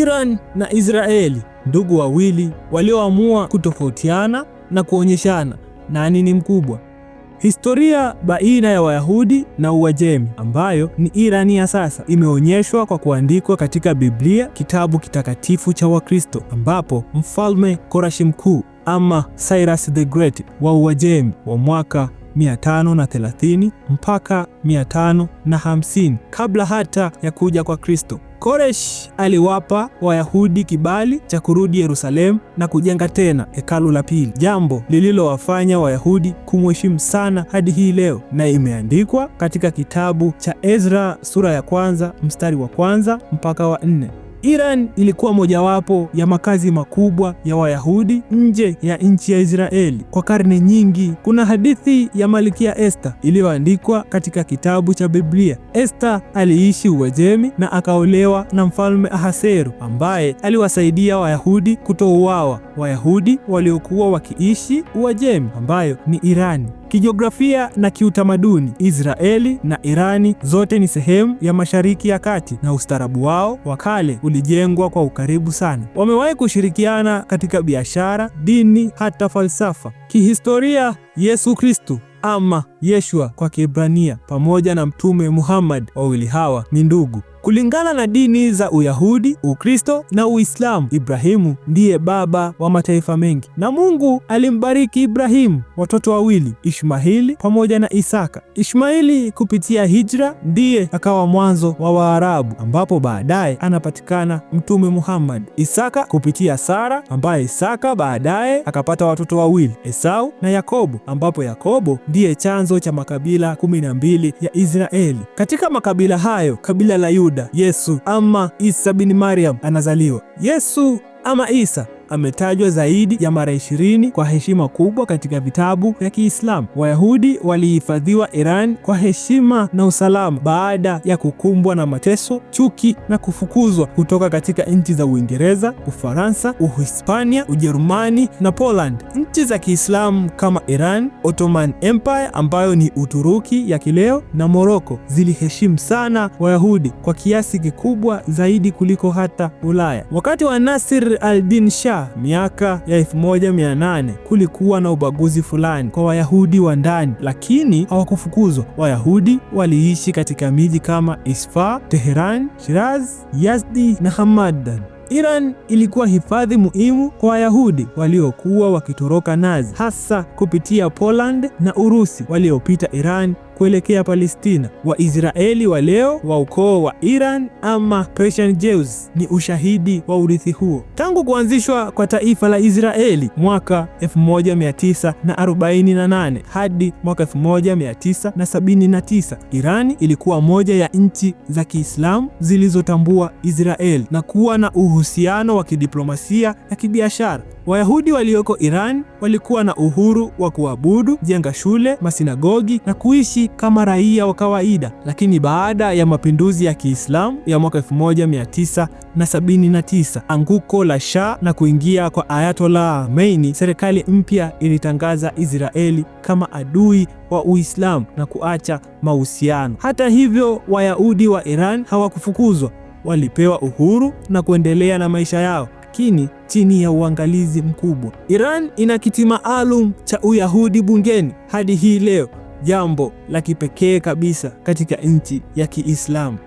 Iran na Israeli, ndugu wawili walioamua kutofautiana na kuonyeshana nani ni mkubwa. Historia baina ya Wayahudi na Uajemi ambayo ni Irani ya sasa imeonyeshwa kwa kuandikwa katika Biblia, kitabu kitakatifu cha Wakristo, ambapo mfalme Korashi Mkuu ama Cyrus the Great wa Uajemi wa mwaka 530 mpaka 550 kabla hata ya kuja kwa Kristo Koresh aliwapa Wayahudi kibali cha kurudi Yerusalemu na kujenga tena hekalu la pili, jambo lililowafanya Wayahudi kumheshimu sana hadi hii leo, na imeandikwa katika kitabu cha Ezra sura ya kwanza mstari wa kwanza mpaka wa nne. Iran ilikuwa mojawapo ya makazi makubwa ya Wayahudi nje ya nchi ya Israeli kwa karne nyingi. Kuna hadithi ya Malkia Esther iliyoandikwa katika kitabu cha Biblia. Esther aliishi Uajemi na akaolewa na mfalme ahaseru ambaye aliwasaidia Wayahudi kutouawa, Wayahudi waliokuwa wakiishi Uajemi ambayo ni Irani. Kijiografia na kiutamaduni, Israeli na Irani zote ni sehemu ya Mashariki ya Kati na ustaarabu wao wa kale ulijengwa kwa ukaribu sana. Wamewahi kushirikiana katika biashara, dini, hata falsafa. Kihistoria, Yesu Kristu ama Yeshua kwa Kiebrania pamoja na Mtume Muhammad, wawili hawa ni ndugu. Kulingana na dini za Uyahudi, Ukristo na Uislamu, Ibrahimu ndiye baba wa mataifa mengi, na Mungu alimbariki Ibrahimu watoto wawili, Ishmaili pamoja na Isaka. Ishmaili kupitia hijra ndiye akawa mwanzo wa Waarabu, ambapo baadaye anapatikana Mtume Muhammad. Isaka kupitia Sara, ambaye Isaka baadaye akapata watoto wawili Isaka Esau na Yakobo, ambapo Yakobo ndiye chanzo cha makabila kumi na mbili ya Israeli. Katika makabila hayo, kabila la Yuda, Yesu ama Isa bin Mariam anazaliwa. Yesu ama Isa ametajwa zaidi ya mara ishirini kwa heshima kubwa katika vitabu vya Kiislamu. Wayahudi walihifadhiwa Iran kwa heshima na usalama baada ya kukumbwa na mateso, chuki na kufukuzwa kutoka katika nchi za Uingereza, Ufaransa, Uhispania, Ujerumani na Poland. Nchi za Kiislamu kama Iran, Ottoman Empire ambayo ni Uturuki ya kileo na Moroko ziliheshimu sana Wayahudi kwa kiasi kikubwa zaidi kuliko hata Ulaya. Wakati wa Nasir al-Din Shah Kuanzia miaka ya 1800 kulikuwa na ubaguzi fulani kwa Wayahudi wa ndani, lakini hawakufukuzwa. Wayahudi waliishi katika miji kama isfa Tehran, Shiraz, Yazdi na Hamadan. Iran ilikuwa hifadhi muhimu kwa Wayahudi waliokuwa wakitoroka Nazi, hasa kupitia Poland na Urusi waliopita Iran kuelekea Palestina. Waisraeli wa leo wa ukoo wa Iran ama Persian Jews ni ushahidi wa urithi huo. Tangu kuanzishwa kwa taifa la Israeli mwaka 1948 na hadi mwaka 1979 Irani ilikuwa moja ya nchi za Kiislamu zilizotambua Israeli na kuwa na uhusiano wa kidiplomasia na kibiashara. Wayahudi walioko Iran walikuwa na uhuru wa kuabudu, jenga shule, masinagogi na kuishi kama raia wa kawaida, lakini baada ya mapinduzi ya Kiislamu ya mwaka 1979, anguko la Shah na kuingia kwa Ayatollah Khomeini, serikali mpya ilitangaza Israeli kama adui wa Uislamu na kuacha mahusiano. Hata hivyo, Wayahudi wa Iran hawakufukuzwa, walipewa uhuru na kuendelea na maisha yao makini chini ya uangalizi mkubwa. Iran ina kiti maalum cha Uyahudi bungeni hadi hii leo, jambo la kipekee kabisa katika nchi ya Kiislamu.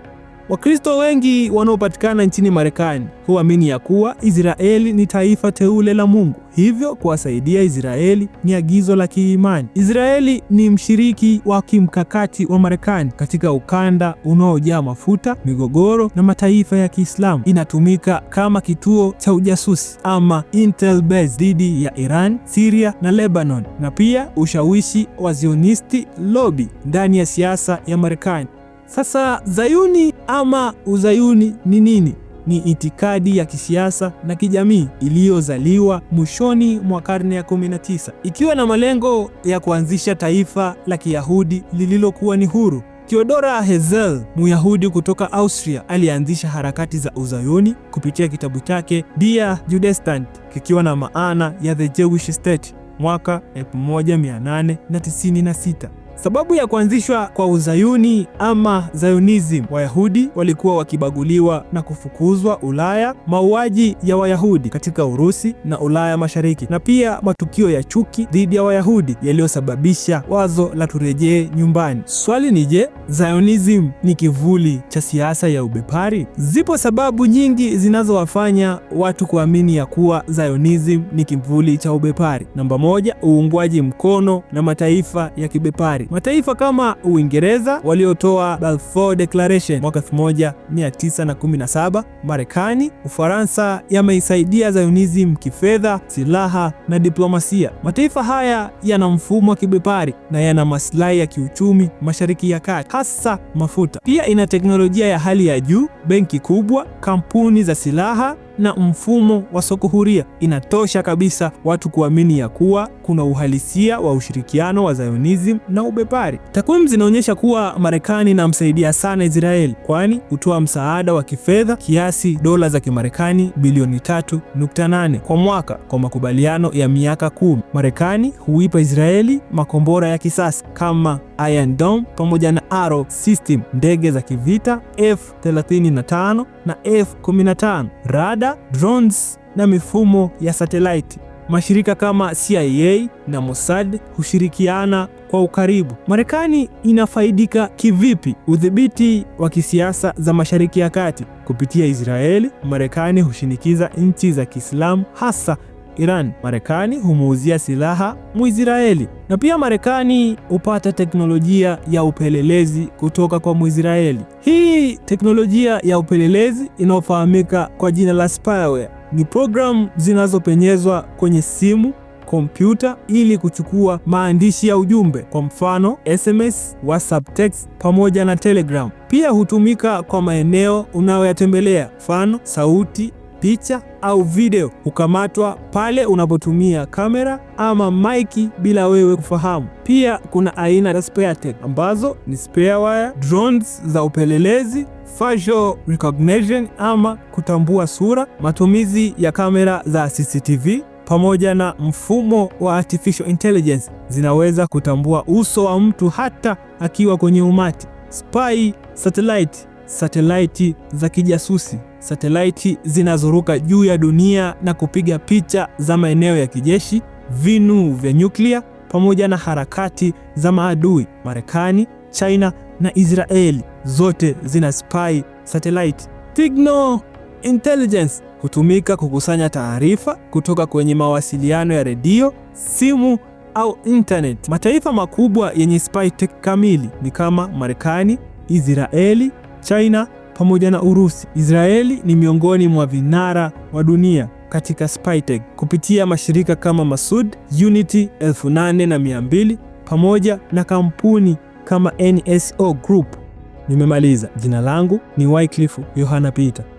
Wakristo wengi wanaopatikana nchini Marekani huamini ya kuwa Israeli ni taifa teule la Mungu, hivyo kuwasaidia Israeli ni agizo la kiimani. Israeli ni mshiriki wa kimkakati wa Marekani katika ukanda unaojaa mafuta, migogoro na mataifa ya Kiislamu. Inatumika kama kituo cha ujasusi ama intel base dhidi ya Iran, Syria na Lebanon, na pia ushawishi wa Zionisti lobby ndani ya siasa ya Marekani. Sasa Zayuni ama Uzayuni ni nini? Ni itikadi ya kisiasa na kijamii iliyozaliwa mwishoni mwa karne ya 19 ikiwa na malengo ya kuanzisha taifa la Kiyahudi lililokuwa ni huru. Theodora Herzl, Myahudi kutoka Austria, alianzisha harakati za Uzayuni kupitia kitabu chake dia Judenstaat, kikiwa na maana ya The Jewish State mwaka 1896. Sababu ya kuanzishwa kwa uzayuni ama zionism, Wayahudi walikuwa wakibaguliwa na kufukuzwa Ulaya, mauaji ya Wayahudi katika Urusi na Ulaya Mashariki, na pia matukio ya chuki dhidi ya Wayahudi yaliyosababisha wazo la turejee nyumbani. Swali ni je, zionism ni kivuli cha siasa ya ubepari? Zipo sababu nyingi zinazowafanya watu kuamini ya kuwa zionism ni kivuli cha ubepari. Namba moja, uungwaji mkono na mataifa ya kibepari. Mataifa kama Uingereza waliotoa Balfour Declaration mwaka 1917, Marekani, Ufaransa yameisaidia Zionism kifedha, silaha na diplomasia. Mataifa haya yana mfumo wa kibepari na yana maslahi ya kiuchumi Mashariki ya Kati, hasa mafuta. Pia ina teknolojia ya hali ya juu, benki kubwa, kampuni za silaha na mfumo wa soko huria, inatosha kabisa watu kuamini ya kuwa kuna uhalisia wa ushirikiano wa Zionism na ubepari. Takwimu zinaonyesha kuwa Marekani inamsaidia sana Israeli, kwani hutoa msaada wa kifedha kiasi dola za Kimarekani bilioni 3.8 kwa mwaka kwa makubaliano ya miaka kumi. Marekani huipa Israeli makombora ya kisasa kama Iron Dome pamoja na Arrow System, ndege za kivita F-35 na F-15, rada, drones na mifumo ya satelaiti. Mashirika kama CIA na Mossad hushirikiana kwa ukaribu. Marekani inafaidika kivipi? Udhibiti wa kisiasa za Mashariki ya Kati. Kupitia Israeli, Marekani hushinikiza nchi za Kiislamu hasa Iran, Marekani humuuzia silaha Mwisraeli, na pia Marekani hupata teknolojia ya upelelezi kutoka kwa Mwisraeli. Hii teknolojia ya upelelezi inayofahamika kwa jina la spyware ni programu zinazopenyezwa kwenye simu kompyuta ili kuchukua maandishi ya ujumbe, kwa mfano SMS, WhatsApp text pamoja na Telegram. Pia hutumika kwa maeneo unayoyatembelea, mfano sauti picha au video hukamatwa pale unapotumia kamera ama maiki bila wewe kufahamu. Pia kuna aina ya spare tech ambazo ni spare wire, drones za upelelezi, facial recognition ama kutambua sura, matumizi ya kamera za CCTV pamoja na mfumo wa artificial intelligence zinaweza kutambua uso wa mtu hata akiwa kwenye umati. Spy satellite, satellite za kijasusi satelaiti zinazoruka juu ya dunia na kupiga picha za maeneo ya kijeshi, vinu vya nyuklia pamoja na harakati za maadui. Marekani, China na Israeli zote zina spy satellite. Signal intelligence hutumika kukusanya taarifa kutoka kwenye mawasiliano ya redio, simu au internet. Mataifa makubwa yenye spy tech kamili ni kama Marekani, Israeli, China pamoja na Urusi. Israeli ni miongoni mwa vinara wa dunia katika Spytech kupitia mashirika kama Masud, Unity 8200 pamoja na kampuni kama NSO Group. Nimemaliza. Jina langu ni Wycliffe Yohana Peter.